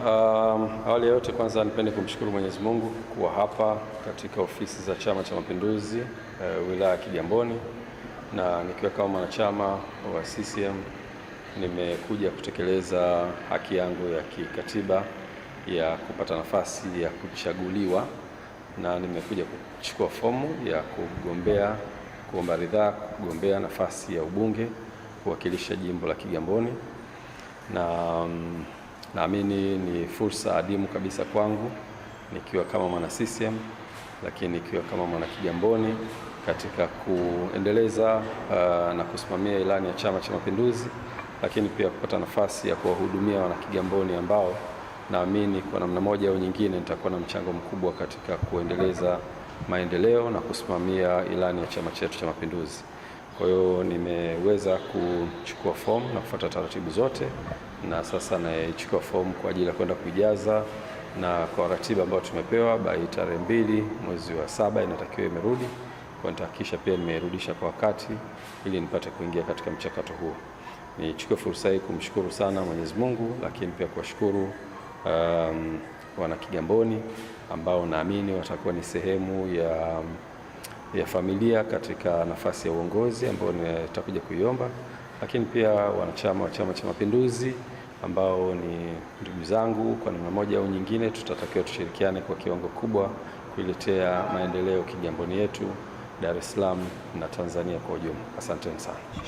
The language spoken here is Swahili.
Um, awali yote kwanza nipende kumshukuru Mwenyezi Mungu kuwa hapa katika ofisi za Chama cha Mapinduzi uh, wilaya ya Kigamboni na nikiwa kama mwanachama wa CCM nimekuja kutekeleza haki yangu ya kikatiba ya kupata nafasi ya kuchaguliwa na nimekuja kuchukua fomu ya kugombea kuomba ridhaa kugombea nafasi ya ubunge kuwakilisha jimbo la Kigamboni na mm, naamini ni fursa adimu kabisa kwangu nikiwa kama mwana CCM lakini nikiwa kama mwana Kigamboni katika kuendeleza uh, na kusimamia ilani ya Chama cha Mapinduzi, lakini pia kupata nafasi ya kuwahudumia wana Kigamboni ambao naamini kwa namna moja au nyingine nitakuwa na mchango mkubwa katika kuendeleza maendeleo na kusimamia ilani ya chama chetu cha Mapinduzi. Kwa hiyo nimeweza kuchukua fomu na kufuata taratibu zote, na sasa naichukua fomu kwa ajili ya kwenda kuijaza, na kwa ratiba ambayo tumepewa by tarehe mbili mwezi wa saba inatakiwa imerudi kwa, nitahakikisha pia nimeirudisha kwa wakati ili nipate kuingia katika mchakato huo. Nichukue fursa hii kumshukuru sana Mwenyezi Mungu, lakini pia kuwashukuru um, wana Kigamboni ambao naamini watakuwa ni sehemu ya ya familia katika nafasi ya uongozi ambayo nitakuja kuiomba, lakini pia wanachama wa Chama cha Mapinduzi ambao ni ndugu zangu, kwa namna moja au nyingine, tutatakiwa tushirikiane kwa kiwango kubwa kuiletea maendeleo Kigamboni yetu, Dar es Salaam na Tanzania kwa ujumla. Asanteni sana.